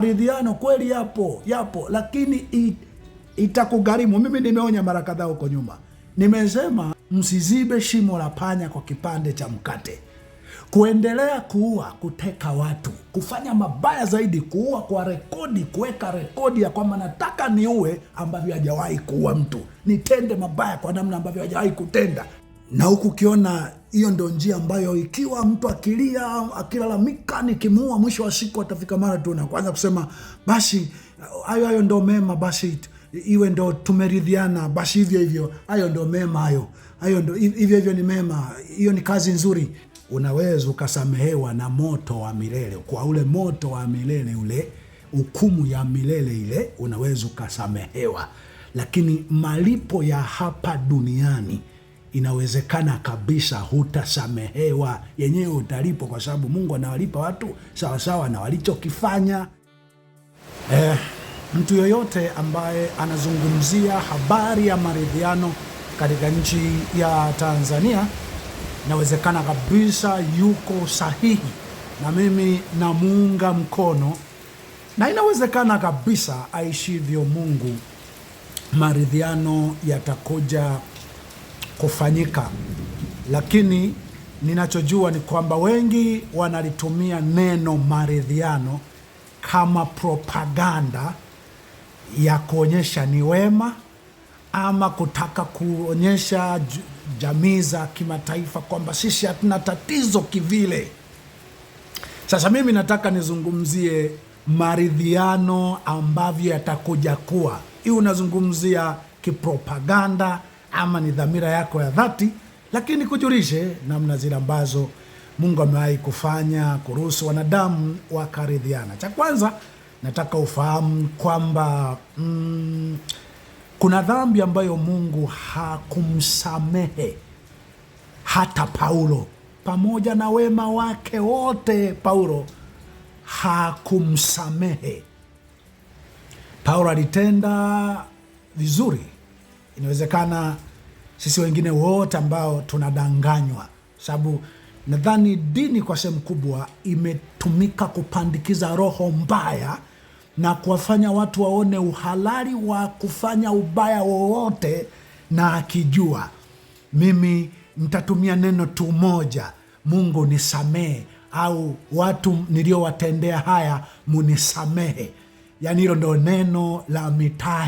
maridhiano kweli yapo, yapo, lakini itakugharimu. Mimi nimeonya mara kadhaa huko nyuma, nimesema msizibe shimo la panya kwa kipande cha mkate. Kuendelea kuua, kuteka watu, kufanya mabaya zaidi, kuua kwa rekodi, kuweka rekodi ya kwamba nataka niue ambavyo hajawahi kuua mtu, nitende mabaya kwa namna ambavyo hajawahi kutenda na huku ukiona hiyo ndo njia ambayo ikiwa mtu akilia akilalamika, nikimuua mwisho wa siku atafika mara tu na kuanza kusema basi hayo hayo ndo mema, basi iwe ndo tumeridhiana, basi hivyo hivyo, hayo ndo mema, hayo hayo ndo hivyo hivyo, ni mema, hiyo ni kazi nzuri. Unaweza ukasamehewa na moto wa milele, kwa ule moto wa milele ule, hukumu ya milele ile, unaweza ukasamehewa, lakini malipo ya hapa duniani inawezekana kabisa hutasamehewa, yenyewe utalipwa, kwa sababu Mungu anawalipa watu sawasawa na walichokifanya. Eh, mtu yoyote ambaye anazungumzia habari ya maridhiano katika nchi ya Tanzania inawezekana kabisa yuko sahihi, na mimi namuunga mkono, na inawezekana kabisa aishivyo Mungu maridhiano yatakuja kufanyika, lakini ninachojua ni kwamba wengi wanalitumia neno maridhiano kama propaganda ya kuonyesha ni wema ama kutaka kuonyesha jamii za kimataifa kwamba sisi hatuna tatizo kivile. Sasa mimi nataka nizungumzie maridhiano ambavyo yatakuja kuwa, hii unazungumzia kipropaganda ama ni dhamira yako ya dhati, lakini kujulishe namna zile ambazo Mungu amewahi kufanya kuruhusu wanadamu wakaridhiana. Cha kwanza nataka ufahamu kwamba mm, kuna dhambi ambayo Mungu hakumsamehe hata Paulo, pamoja na wema wake wote, Paulo hakumsamehe. Paulo alitenda vizuri, inawezekana sisi wengine wote ambao tunadanganywa, sababu nadhani dini kwa sehemu kubwa imetumika kupandikiza roho mbaya na kuwafanya watu waone uhalali wa kufanya ubaya wowote, na akijua mimi nitatumia neno tu moja, Mungu nisamehe, au watu niliowatendea haya munisamehe. Yaani hilo ndo neno la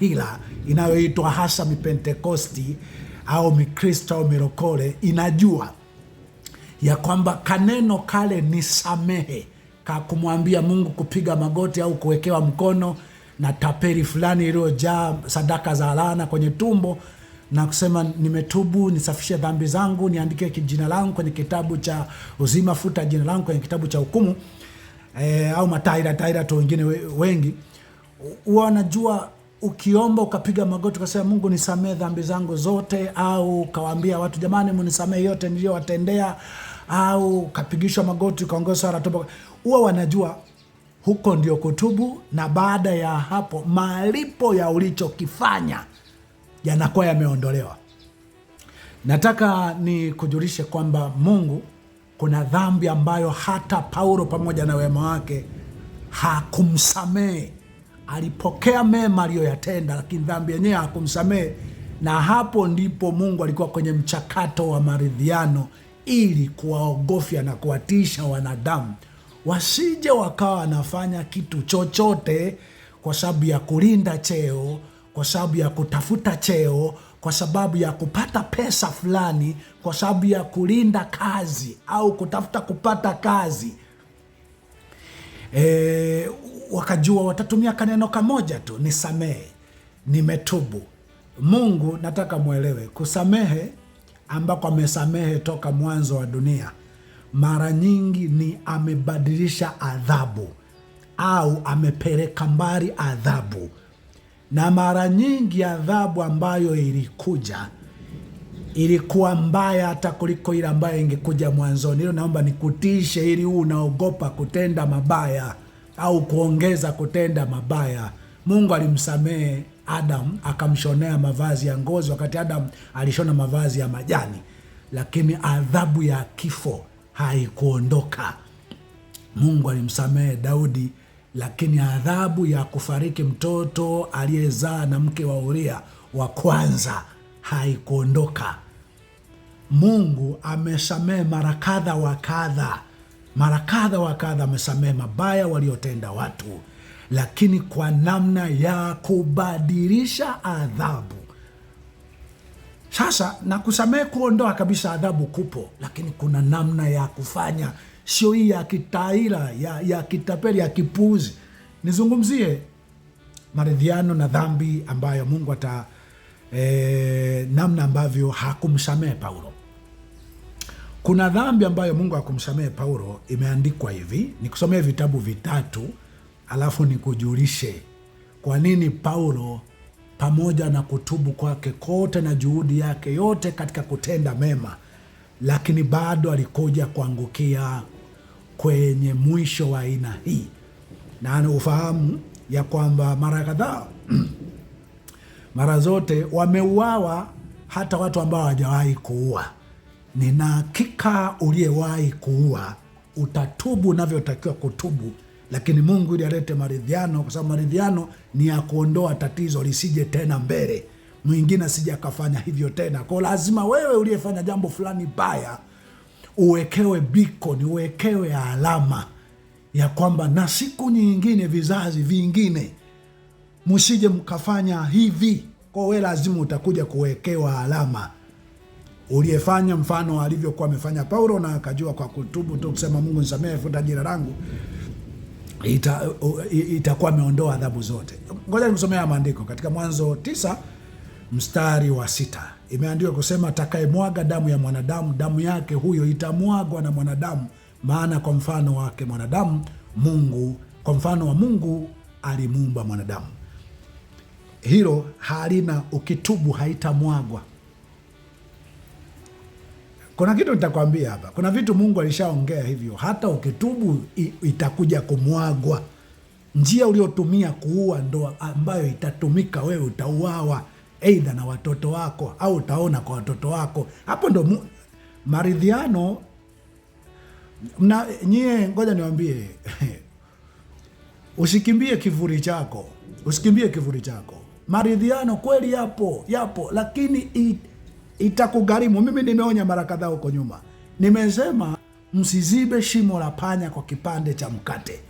hila inayoitwa hasa mipentekosti au Mkristo au mirokole inajua ya kwamba kaneno kale ni samehe, ka kumwambia Mungu kupiga magoti au kuwekewa mkono na taperi fulani iliyojaa sadaka za laana kwenye tumbo na kusema nimetubu, nisafishe dhambi zangu, niandike jina langu kwenye kitabu cha uzima, futa jina langu kwenye kitabu cha hukumu, e, au mataira taira tu wengine wengi wanajua ukiomba ukapiga magoti ukasema Mungu nisamehe dhambi zangu zote, au ukawaambia watu jamani, munisamehe yote niliyowatendea, au ukapigishwa magoti ukaongea sala toba, huwa wanajua huko ndio kutubu, na baada ya hapo malipo ya ulichokifanya yanakuwa yameondolewa. Nataka ni kujulishe kwamba Mungu, kuna dhambi ambayo hata Paulo pamoja na wema wake hakumsamehe alipokea mema aliyoyatenda, lakini dhambi yenyewe hakumsamehe, na hapo ndipo Mungu alikuwa kwenye mchakato wa maridhiano ili kuwaogofya na kuwatisha wanadamu wasije wakawa wanafanya kitu chochote kwa sababu ya kulinda cheo, kwa sababu ya kutafuta cheo, kwa sababu ya kupata pesa fulani, kwa sababu ya kulinda kazi au kutafuta kupata kazi. E, wakajua watatumia kaneno kamoja tu, nisamehe, nimetubu. Mungu nataka mwelewe, kusamehe ambako amesamehe toka mwanzo wa dunia, mara nyingi ni amebadilisha adhabu au amepeleka mbali adhabu, na mara nyingi adhabu ambayo ilikuja ilikuwa mbaya hata kuliko ile ambayo ingekuja mwanzoni. Hilo naomba nikutishe, ili huu unaogopa kutenda mabaya au kuongeza kutenda mabaya. Mungu alimsamehe Adam akamshonea mavazi ya ngozi, wakati Adam alishona mavazi ya majani, lakini adhabu ya kifo haikuondoka. Mungu alimsamehe Daudi, lakini adhabu ya kufariki mtoto aliyezaa na mke wa Uria wa kwanza haikuondoka. Mungu amesamehe mara kadha wa kadha mara kadha wa kadha amesamehe mabaya waliotenda watu, lakini kwa namna ya kubadilisha adhabu. Sasa na kusamehe kuondoa kabisa adhabu kupo, lakini kuna namna ya kufanya, sio hii ya kitaira ya, ya kitapeli ya kipuuzi. Nizungumzie maridhiano na dhambi ambayo Mungu ata eh, namna ambavyo hakumsamehe Paulo. Kuna dhambi ambayo Mungu akumsamee Paulo, imeandikwa hivi, nikusomee vitabu vitatu alafu nikujulishe kwa nini Paulo pamoja na kutubu kwake kote na juhudi yake yote katika kutenda mema, lakini bado alikuja kuangukia kwenye mwisho wa aina hii, na anaufahamu ya kwamba mara kadhaa mara zote wameuawa hata watu ambao hawajawahi kuua nina hakika uliyewahi kuua utatubu unavyotakiwa kutubu, lakini Mungu ili alete maridhiano, kwa sababu maridhiano ni ya kuondoa tatizo lisije tena mbele, mwingine asije akafanya hivyo tena. Kwao lazima wewe uliyefanya jambo fulani baya uwekewe bikoni, uwekewe alama ya kwamba na siku nyingine, vizazi vingine msije mkafanya hivi. Kwao wee lazima utakuja kuwekewa alama uliyefanya mfano alivyokuwa amefanya Paulo, na akajua kwa kutubu tu kusema Mungu nisamehe, futa jina langu, itakuwa ita ameondoa adhabu zote. Ngoja nikusomea maandiko katika Mwanzo tisa mstari wa sita imeandikwa kusema, atakayemwaga damu ya mwanadamu, damu yake huyo itamwagwa na mwanadamu, maana kwa mfano wake mwanadamu Mungu, kwa mfano wa Mungu alimuumba mwanadamu. Hilo halina ukitubu, haitamwagwa kuna kitu nitakwambia hapa, kuna vitu Mungu alishaongea hivyo, hata ukitubu itakuja kumwagwa. Njia uliotumia kuua ndo ambayo itatumika, wewe utauawa, aidha na watoto wako, au utaona kwa watoto wako. Hapo ndo maridhiano. Nyie ngoja niwambie, usikimbie kivuli chako, usikimbie kivuli chako. Maridhiano kweli yapo, yapo, lakini it, itakugharimu. Mimi nimeonya mara kadhaa huko nyuma, nimesema msizibe shimo la panya kwa kipande cha mkate.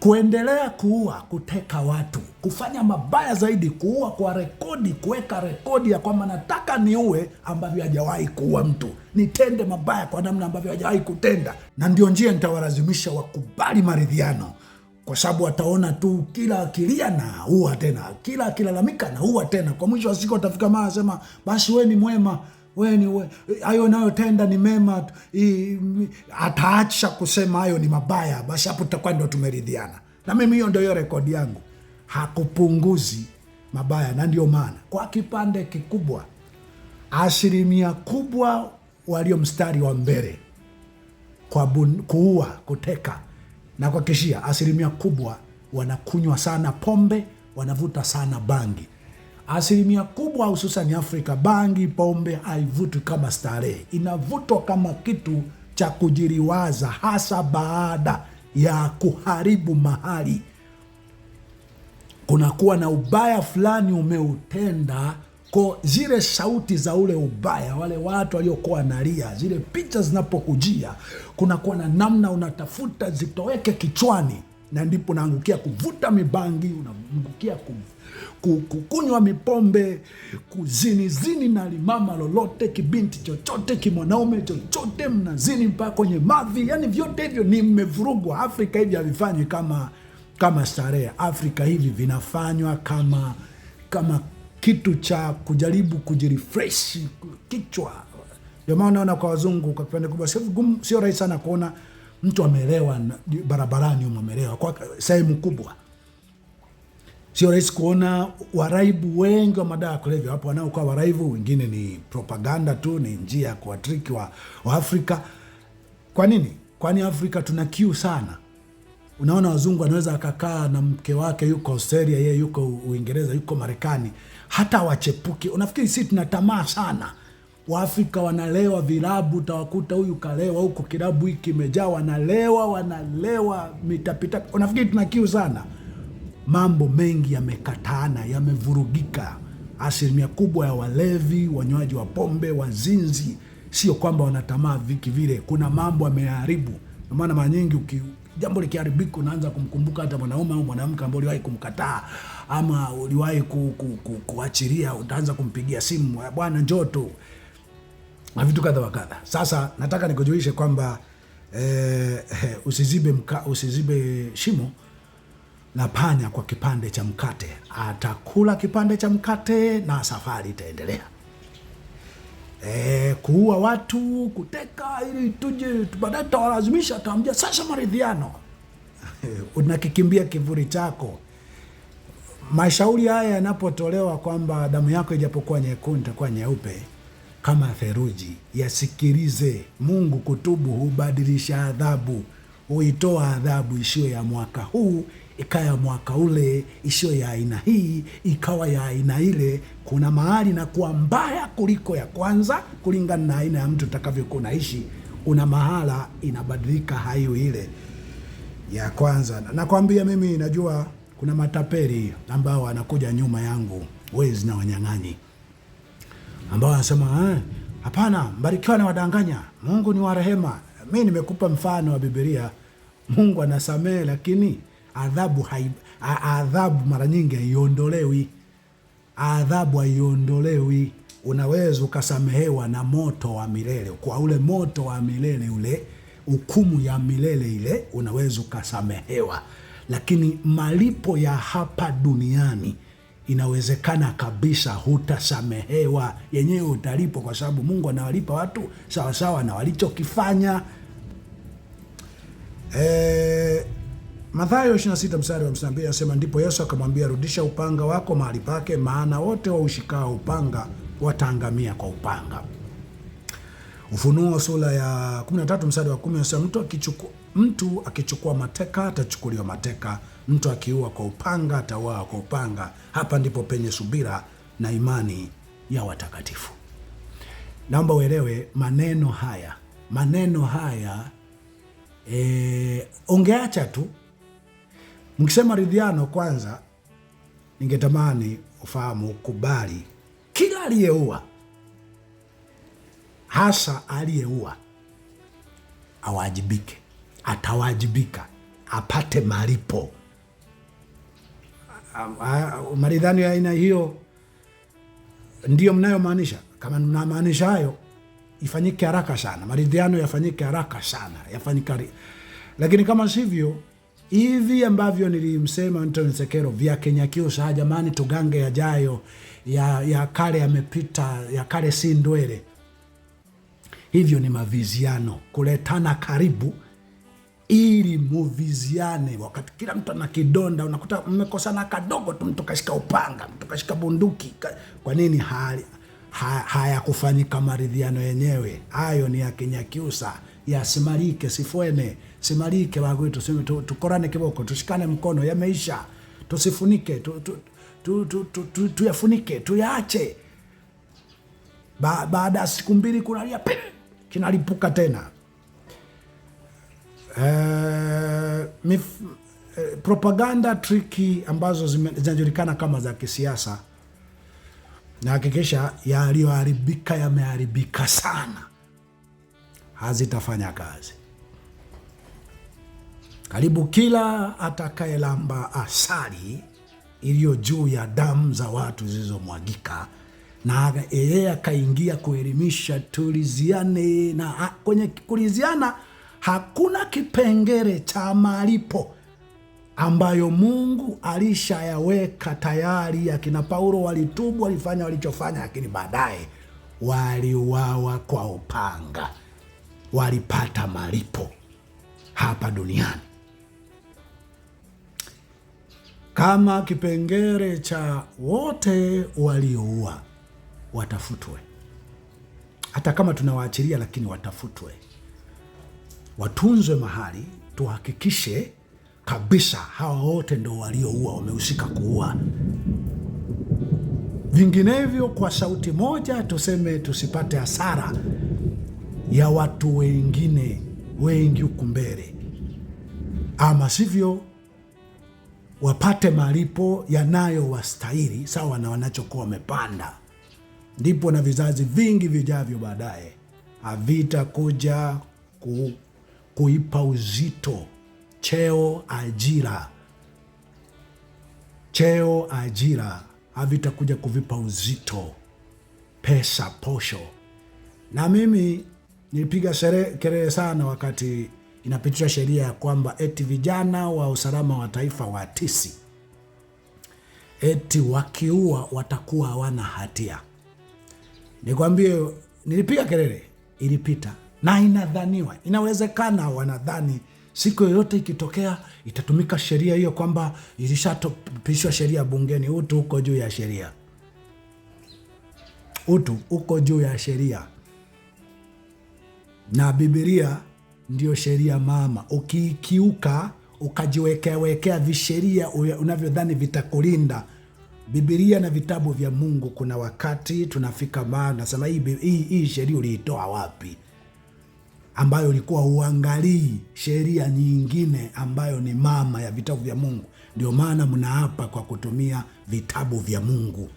Kuendelea kuua, kuteka watu, kufanya mabaya zaidi, kuua kwa rekodi, kuweka rekodi ya kwamba nataka niue ambavyo hajawahi kuua mtu, nitende mabaya kwa namna ambavyo hajawahi kutenda, na ndio njia nitawalazimisha wakubali maridhiano kwa sababu ataona tu kila akilia na ua tena, kila akilalamika na ua tena. Kwa mwisho wa siku atafika mara asema, basi we ni mwema we ni hayo nayotenda ni mema. Ataacha kusema hayo ni mabaya, basi hapo tutakuwa ndo tumeridhiana. Na mimi hiyo ndo hiyo rekodi yangu, hakupunguzi mabaya, na ndio maana kwa kipande kikubwa asilimia kubwa walio mstari wa mbele kwa bun, kuua, kuteka na kuhakikishia, asilimia kubwa wanakunywa sana pombe, wanavuta sana bangi. Asilimia kubwa hususani Afrika, bangi, pombe haivutwi kama starehe, inavutwa kama kitu cha kujiriwaza hasa baada ya kuharibu mahali. Kunakuwa na ubaya fulani umeutenda kwa zile sauti za ule ubaya, wale watu waliokuwa nalia, zile picha zinapokujia, kunakuwa na namna unatafuta zitoweke kichwani, na ndipo unaangukia kuvuta mibangi, unaangukia kukunywa mipombe, kuzinizini na limama lolote, kibinti chochote, kimwanaume chochote, mnazini mpaka kwenye madhi. Yani vyote hivyo ni mmevurugwa. Afrika hivi havifanywi kama kama starehe. Afrika hivi vinafanywa kama kama kitu cha kujaribu kujirefresh kichwa. Ndio maana unaona kwa wazungu kwa kipande kubwa sio rahisi sana kuona mtu amelewa barabarani, umamelewa kwa sehemu kubwa. Sio rahisi kuona waraibu wengi wa madawa ya kulevya. Wapo wanaokuwa waraibu, wengine ni propaganda tu, ni njia ya kuwatriki wa Afrika. Kwa nini? Kwani Afrika tuna kiu sana Unaona, wazungu anaweza akakaa na mke wake yuko Australia, yeye yuko Uingereza, yuko Marekani, hata wachepuki. Unafikiri sisi tuna tamaa sana? Waafrika wanalewa vilabu, utawakuta huyu kalewa huku, kilabu hiki kimejaa, wanalewa wanalewa mitapita. Unafikiri tuna kiu sana? Mambo mengi yamekataana, yamevurugika. Asilimia kubwa ya walevi, wanywaji wa pombe, wazinzi, sio kwamba wanatamaa viki vile, kuna mambo ameharibu. Ndio maana mara nyingi jambo likiharibika, unaanza kumkumbuka hata mwanaume au mwanamke ambao uliwahi kumkataa ama uliwahi ku, ku, ku, kuachiria, utaanza kumpigia simu bwana njoo tu na vitu kadha wa kadha. Sasa nataka nikujulishe kwamba eh, usizibe mka, usizibe shimo na panya kwa kipande cha mkate. Atakula kipande cha mkate na safari itaendelea eh, kuua watu, kuteka ili tuje baadaye tutawalazimisha, tutamjia sasa maridhiano unakikimbia kivuli chako. Mashauri haya yanapotolewa kwamba damu yako ijapokuwa nyekundu itakuwa nyeupe kama theruji, yasikilize. Mungu kutubu hubadilisha adhabu, huitoa adhabu isiyo ya mwaka huu ikawa ya mwaka ule, isiyo ya aina hii, ikawa ya aina ile. Kuna mahali na kuwa mbaya kuliko ya kwanza, kulingana na aina ya mtu utakavyokuwa unaishi. Una mahala inabadilika, hayo ile ya kwanza. Nakwambia mimi, najua kuna matapeli ambao wanakuja nyuma yangu, wezi na wanyang'anyi, ambao wanasema ah, hapana, Mbarikiwa na wadanganya, Mungu ni wa rehema. Mi nimekupa mfano wa Bibilia, Mungu anasamehe lakini adhabu hai, adhabu mara nyingi haiondolewi, adhabu haiondolewi. Unaweza ukasamehewa na moto wa milele, kwa ule moto wa milele ule, hukumu ya milele ile, unaweza ukasamehewa, lakini malipo ya hapa duniani inawezekana kabisa hutasamehewa, yenyewe utalipwa, kwa sababu Mungu anawalipa watu sawasawa na walichokifanya. Eh, Mathayo 26 mstari wa 52 anasema, ndipo Yesu akamwambia, rudisha upanga wako mahali pake, maana wote waushikao upanga wataangamia kwa upanga. Ufunuo sura ya 13 mstari wa 10 anasema, mtu akichukua mtu akichukua mateka atachukuliwa mateka, mtu akiua kwa upanga atauawa kwa upanga. Hapa ndipo penye subira na imani ya watakatifu. Naomba uelewe maneno haya, maneno haya e, eh, ungeacha tu Mkisema ridhiano, kwanza ningetamani ufahamu kubali, kila aliyeua hasa aliyeua awajibike, atawajibika, apate malipo. Maridhiano ya aina hiyo ndiyo mnayomaanisha? Kama mnamaanisha hayo, ifanyike haraka sana, maridhiano yafanyike haraka sana, yafanyike, lakini kama sivyo hivi ambavyo nilimsema Anton Sekero vya Kinyakyusa, jamani, tugange yajayo, ya, ya kale yamepita, ya kale si ndwele. Hivyo ni maviziano, kuletana karibu ili muviziane. Wakati kila mtu ana kidonda, unakuta mmekosana kadogo tu, mtu kashika upanga, mtu kashika bunduki. Kwa nini hali hayakufanyika? Haya, maridhiano yenyewe hayo ni ya Kiusa yasimalike, sifwene simarike wagwitu tukorane kiboko, tushikane mkono, yameisha, tusifunike, tuyafunike, tuyaache. Baada ya siku mbili kunalia kinalipuka tena. Eh, eh, propaganda triki ambazo zinajulikana kama za kisiasa, na hakikisha yaliyoharibika yameharibika sana hazitafanya kazi. Karibu kila atakayelamba asali iliyo juu ya damu za watu zilizomwagika na yeye akaingia kuelimisha, tuliziane na ha, kwenye kuliziana hakuna kipengele cha malipo ambayo Mungu alishayaweka tayari. Akina Paulo walitubu, walifanya walichofanya, lakini baadaye waliuawa kwa upanga walipata malipo hapa duniani. Kama kipengele cha wote walioua watafutwe, hata kama tunawaachilia, lakini watafutwe, watunzwe mahali, tuhakikishe kabisa hawa wote ndo walioua, wamehusika kuua. Vinginevyo, kwa sauti moja tuseme, tusipate hasara ya watu wengine wengi huku mbele, ama sivyo wapate malipo yanayowastahili sawa na wanachokuwa wamepanda. Ndipo na vizazi vingi vijavyo baadaye havitakuja ku, kuipa uzito cheo ajira, cheo ajira havitakuja kuvipa uzito pesa, posho. Na mimi Nilipiga kelele sana wakati inapitishwa sheria ya kwamba eti vijana wa usalama wa taifa wa tisi eti wakiua watakuwa hawana hatia. Nikwambie, nilipiga kelele, ilipita na inadhaniwa, inawezekana wanadhani siku yoyote ikitokea itatumika sheria hiyo, kwamba ilishapitishwa sheria bungeni. Utu uko juu ya sheria, utu uko juu ya sheria na Bibilia ndio sheria mama. Ukiikiuka wekea visheria unavyodhani vitakulinda Bibilia na vitabu vya Mungu, kuna wakati tunafika mahali nasema hii, hii, hii sheria uliitoa wapi? ambayo ulikuwa uangalii sheria nyingine ambayo ni mama ya vitabu vya Mungu. Ndio maana mnaapa kwa kutumia vitabu vya Mungu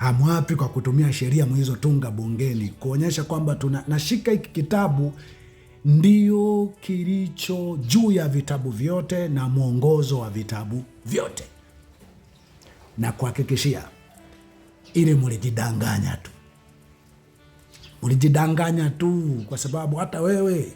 hamwapi kwa kutumia sheria mlizotunga bungeni kuonyesha kwamba tuna nashika hiki kitabu ndio kilicho juu ya vitabu vyote na mwongozo wa vitabu vyote, na kuhakikishia ili mulijidanganya tu, mulijidanganya tu, kwa sababu hata wewe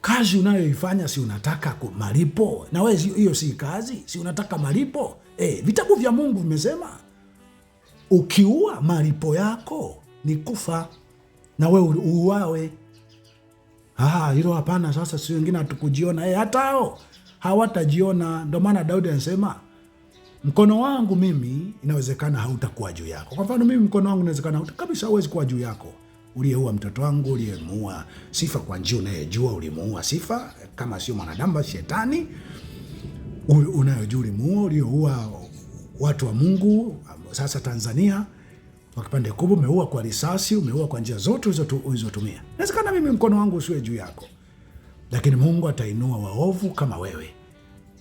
kazi unayoifanya si unataka malipo? Na wewe hiyo si kazi, si unataka malipo? E, vitabu vya Mungu vimesema Ukiua malipo yako ni kufa, na we uuawe. Ah, hilo hapana. Sasa si wengine hatukujiona, e, hata hao hawatajiona. Ndo maana Daudi anasema mkono wangu mimi inawezekana hautakuwa juu yako. Kwa mfano, mimi mkono wangu inawezekana hauta kabisa, hauwezi kuwa juu yako uliyeua mtoto wangu, uliyemuua Sifa kwa njia unayejua, ulimuua Sifa kama sio mwanadamu basi shetani unayojua, ulimuua, ulioua watu wa Mungu, sasa Tanzania kwa kipande kubwa umeua kwa risasi, umeua kwa njia zote ulizotumia. nawezekana mimi mkono wangu usiwe juu yako, lakini Mungu atainua waovu kama wewe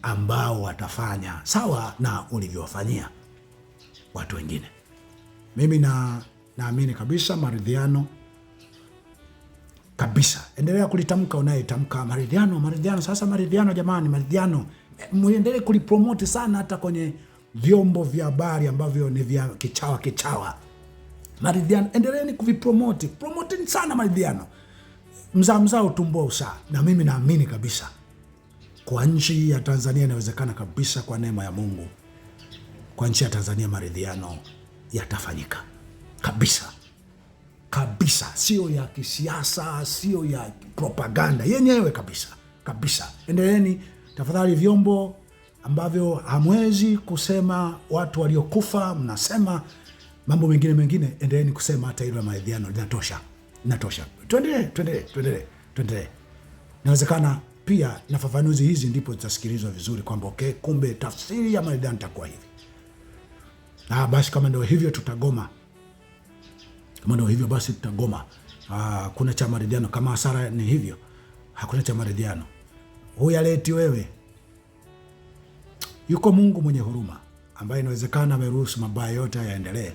ambao watafanya sawa na ulivyowafanyia watu wengine. Mimi na naamini kabisa maridhiano kabisa. Endelea kulitamka unayetamka maridhiano, maridhiano. Sasa maridhiano, jamani, maridhiano eh, muendelee kulipromote sana, hata kwenye vyombo vya habari ambavyo ni vya kichawa kichawa. Maridhiano, endeleeni kuvipromoti, promoteni sana maridhiano. Mzaa mzaa utumbua usaa, na mimi naamini kabisa kwa nchi ya Tanzania inawezekana kabisa, kwa neema ya Mungu. Kwa nchi ya Tanzania maridhiano yatafanyika kabisa kabisa, sio ya kisiasa, sio ya propaganda yenyewe kabisa kabisa. Endeleeni tafadhali vyombo ambavyo hamwezi kusema watu waliokufa, mnasema mambo mengine mengine, endeleeni kusema hata hilo la maridhiano linatosha, linatosha. Tuendelee, tuendelee, tuendelee, tuendelee. Inawezekana pia na fafanuzi hizi ndipo zitasikilizwa vizuri, kwamba okay, kumbe tafsiri ya maridhiano itakuwa hivi. Ah, basi kama ndio hivyo tutagoma, kama ndio hivyo basi tutagoma. Aa, ah, kuna cha maridhiano. Kama hasara ni hivyo, hakuna cha maridhiano. Huyaleti wewe Yuko Mungu mwenye huruma ambaye inawezekana ameruhusu mabaya yote yaendelee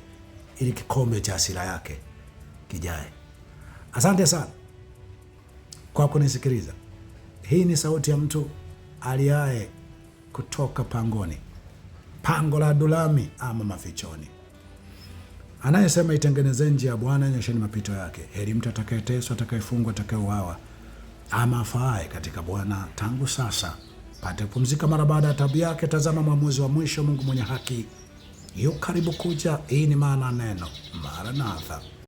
ili kikombe cha hasira yake kijae. Asante sana kwa kunisikiliza. Hii ni sauti ya mtu aliaye kutoka pangoni, pango la Adulami ama mafichoni, anayesema itengeneze njia ya Bwana, nyosheni mapito yake. Heri mtu atakayeteswa, atakayefungwa, atakayeuawa ama afaaye katika Bwana tangu sasa pate kupumzika mara baada ya tabu yake. Tazama mwamuzi wa mwisho, Mungu mwenye haki yu karibu kuja. Hii ni maana neno Maranatha.